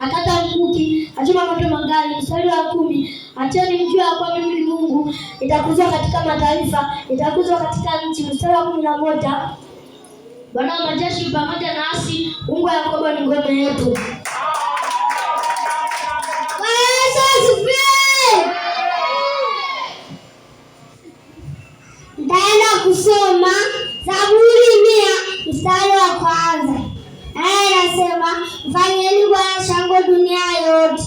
Akata mkuki, achoma moto magari. Mstari wa kumi, acheni mjue ya kuwa mimi ni Mungu. Itakuzwa katika mataifa, itakuzwa katika nchi. Mstari wa kumi na moja, Bwana wa majeshi pamoja nasi, Mungu wa Yakobo ni ngome yetu. ntaenda kusoma Zaburi mia mstari wa kwanza anasema fanyeni Bwana shangwe dunia yote.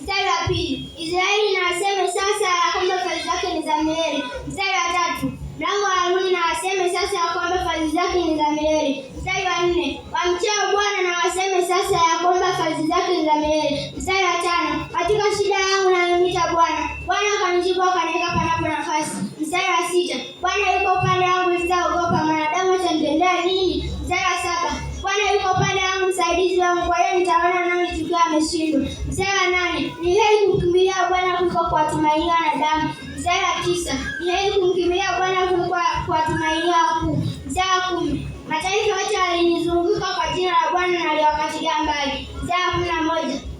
Mstari wa pili, Israeli na aseme sasa ya kwamba fadhili zake ni za milele. Mstari wa za milele. Mstari wa tano, katika shida yangu namwita Bwana, Bwana akanijibu akaniweka panapo nafasi. Mstari wa sita, Bwana yuko upande wangu, sitaogopa. Mwanadamu atanitendea nini? Mstari wa saba, Bwana yuko upande wangu, msaidizi wangu, kwa hiyo nitaona nani tukiwa ameshindwa. Mstari wa nane, ni heri kumkimbilia Bwana kuliko kuwatumainia wanadamu. Mstari wa tisa, ni heri kumkimbilia Bwana kuliko kuwatumainia wakuu. Mstari wa kumi, mataifa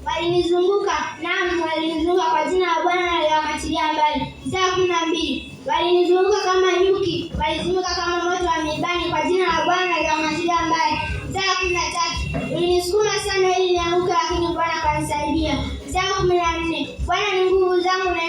walinizunguka naam, walinizunguka kwa jina la Bwana naliwakatilia mbali. Isaya kumi na mbili walinizunguka kama nyuki, walizunguka kama moto wa mibani, kwa jina la Bwana naliwakatilia mbali. Isaya kumi na tatu ulinisukuma sana ili nianguke, lakini Bwana kanisaidia. Isaya kumi na nne Bwana ni nguvu zangu